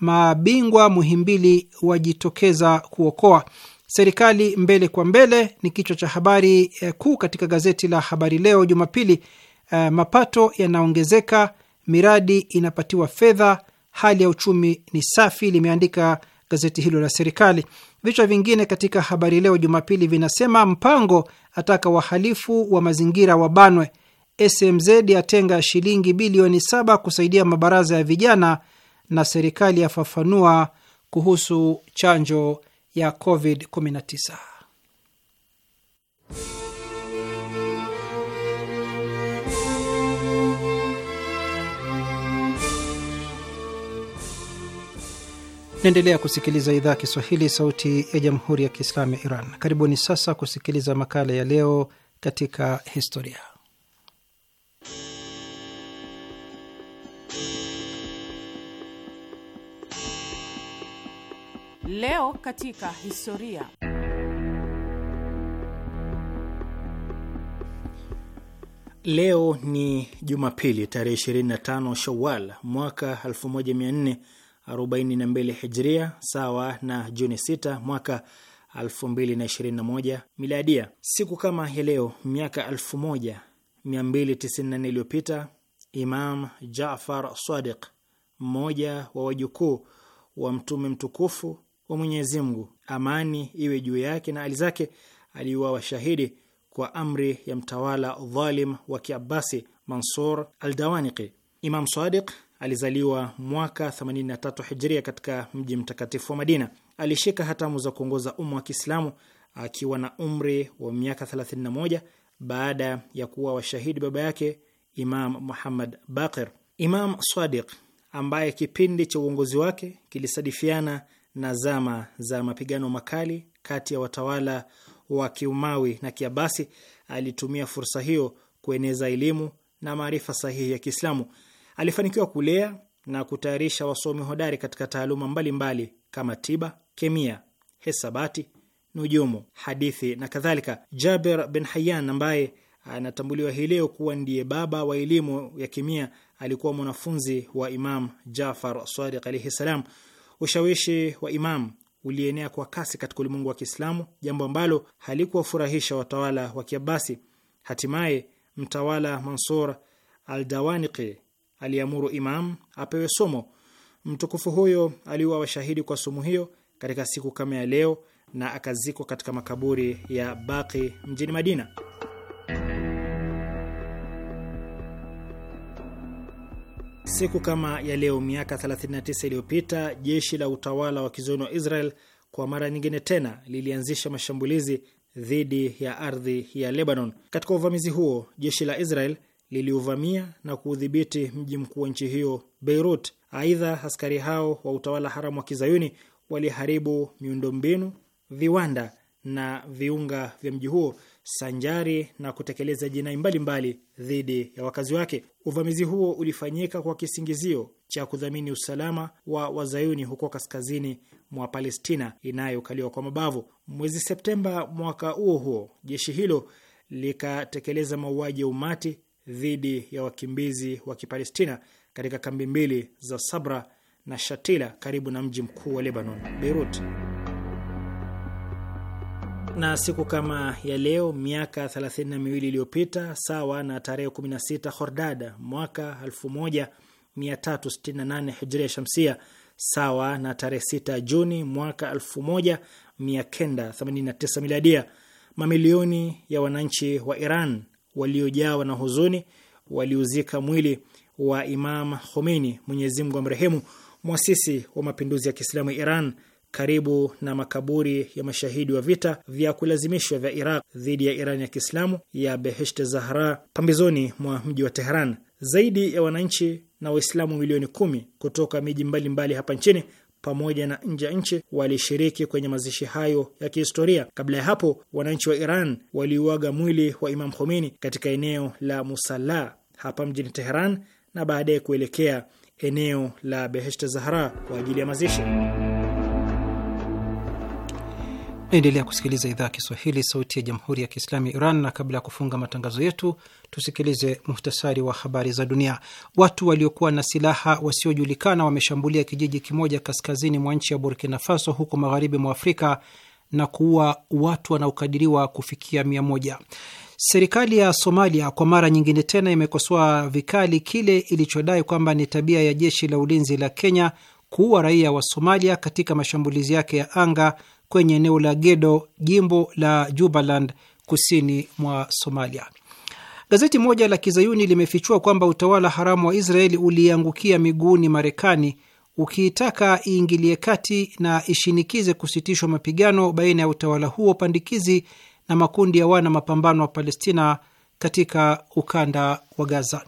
mabingwa Muhimbili wajitokeza kuokoa serikali. Mbele kwa mbele ni kichwa cha habari eh, kuu katika gazeti la Habari Leo Jumapili. Eh, mapato yanaongezeka, miradi inapatiwa fedha, hali ya uchumi ni safi, limeandika gazeti hilo la serikali. Vichwa vingine katika Habari Leo Jumapili vinasema Mpango ataka wahalifu wa mazingira wabanwe, SMZ atenga shilingi bilioni saba kusaidia mabaraza ya vijana, na serikali yafafanua kuhusu chanjo ya COVID-19. Naendelea kusikiliza idhaa ya Kiswahili, sauti ya jamhuri ya kiislamu ya Iran. Karibuni sasa kusikiliza makala ya leo, katika historia. Leo katika historia. Leo ni Jumapili tarehe 25 Shawal mwaka 42 hijria sawa na Juni 6 mwaka 2021 miladia. Siku kama ya leo miaka 1294 iliyopita Imam Jafar Sadiq, mmoja wa wajukuu wa mtume mtukufu wa Mwenyezi Mungu, amani iwe juu yake na ali zake, aliuawa shahidi kwa amri ya mtawala dhalim wa Kiabasi Mansur al-Dawaniqi. Imam Sadiq alizaliwa mwaka 83 Hijria katika mji mtakatifu wa Madina. Alishika hatamu za kuongoza umma wa Kiislamu akiwa na umri wa miaka 31 baada ya kuwa washahidi baba yake Imam Muhammad Baqir. Imam Sadiq ambaye kipindi cha uongozi wake kilisadifiana na zama za mapigano makali kati ya watawala wa Kiumawi na Kiabasi, alitumia fursa hiyo kueneza elimu na maarifa sahihi ya Kiislamu. Alifanikiwa kulea na kutayarisha wasomi hodari katika taaluma mbalimbali mbali kama tiba, kemia, hesabati, nujumu, hadithi na kadhalika. Jaber bin Hayyan ambaye anatambuliwa hii leo kuwa ndiye baba wa elimu ya kemia alikuwa mwanafunzi wa Imam Jafar Sadiq alaihi salam. Ushawishi wa Imam ulienea kwa kasi katika ulimwengu wa Kiislamu, jambo ambalo halikuwafurahisha watawala wa Kiabasi. Hatimaye mtawala Mansur Aldawaniqi aliamuru Imam apewe somo. Mtukufu huyo aliuwa washahidi kwa sumu hiyo katika siku kama ya leo na akazikwa katika makaburi ya Baqi mjini Madina. Siku kama ya leo miaka 39 iliyopita jeshi la utawala wa kizoni wa Israel kwa mara nyingine tena lilianzisha mashambulizi dhidi ya ardhi ya Lebanon. Katika uvamizi huo, jeshi la Israel liliuvamia na kuudhibiti mji mkuu wa nchi hiyo Beirut. Aidha, askari hao wa utawala haramu wa kizayuni waliharibu miundombinu, viwanda na viunga vya mji huo sanjari na kutekeleza jinai mbalimbali dhidi ya wakazi wake. Uvamizi huo ulifanyika kwa kisingizio cha kudhamini usalama wa wazayuni huko kaskazini mwa Palestina inayokaliwa kwa mabavu. Mwezi Septemba mwaka huo huo, jeshi hilo likatekeleza mauaji ya umati dhidi ya wakimbizi wa Kipalestina katika kambi mbili za Sabra na Shatila karibu na mji mkuu wa Lebanon, Beirut. Na siku kama ya leo miaka 32 iliyopita, sawa na tarehe 16 hordad mwaka 1368 Hijria Shamsia, sawa na tarehe 6 Juni mwaka 1989 Miladia, mamilioni ya wananchi wa Iran waliojawa na huzuni waliuzika mwili wa Imam Khomeini, Mwenyezi Mungu amrehemu, mwasisi wa mapinduzi ya Kiislamu ya Iran karibu na makaburi ya mashahidi wa vita vya kulazimishwa vya Iraq dhidi ya Iran ya Kiislamu ya Beheshte Zahra pambizoni mwa mji wa Tehran. Zaidi ya wananchi na Waislamu milioni kumi kutoka miji mbalimbali hapa nchini pamoja na nje ya nchi walishiriki kwenye mazishi hayo ya kihistoria. Kabla ya hapo, wananchi wa Iran waliuaga mwili wa Imam Khomeini katika eneo la Musalla hapa mjini Teheran na baadaye kuelekea eneo la Beheshte Zahra kwa ajili ya mazishi. Naendelea kusikiliza idhaa ya Kiswahili, sauti ya jamhuri ya kiislamu ya Iran. Na kabla ya kufunga matangazo yetu, tusikilize muhtasari wa habari za dunia. Watu waliokuwa na silaha wasiojulikana wameshambulia kijiji kimoja kaskazini mwa nchi ya Burkina Faso, huko magharibi mwa Afrika, na kuua watu wanaokadiriwa kufikia mia moja. Serikali ya Somalia kwa mara nyingine tena imekosoa vikali kile ilichodai kwamba ni tabia ya jeshi la ulinzi la Kenya kuua raia wa Somalia katika mashambulizi yake ya anga kwenye eneo la Gedo, jimbo la Jubaland, kusini mwa Somalia. Gazeti moja la kizayuni limefichua kwamba utawala haramu wa Israeli uliangukia miguuni Marekani ukiitaka iingilie kati na ishinikize kusitishwa mapigano baina ya utawala huo pandikizi na makundi ya wana mapambano wa Palestina katika ukanda wa Gaza.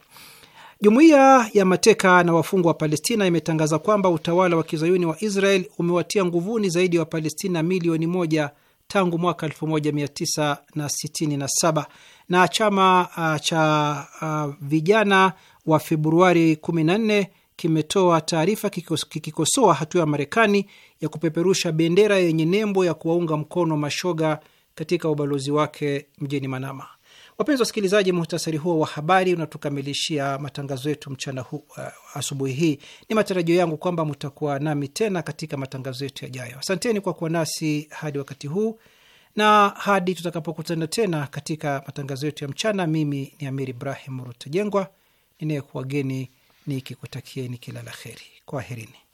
Jumuiya ya mateka na wafungwa wa Palestina imetangaza kwamba utawala wa kizayuni wa Israel umewatia nguvuni zaidi ya wa Wapalestina milioni moja tangu mwaka 1967 na chama uh, cha uh, vijana wa Februari 14 kimetoa taarifa kikikosoa hatua ya Marekani ya kupeperusha bendera yenye nembo ya kuwaunga mkono mashoga katika ubalozi wake mjini Manama. Wapenzi wasikilizaji, muhtasari huo wa habari unatukamilishia matangazo yetu mchana huu, uh, asubuhi hii. Ni matarajio yangu kwamba mutakuwa nami tena katika matangazo yetu yajayo. Asanteni kwa kuwa nasi hadi wakati huu na hadi tutakapokutana tena katika matangazo yetu ya mchana. Mimi ni Amir Ibrahim Rutajengwa ninayekuwageni nikikutakieni kila la heri. Kwaherini.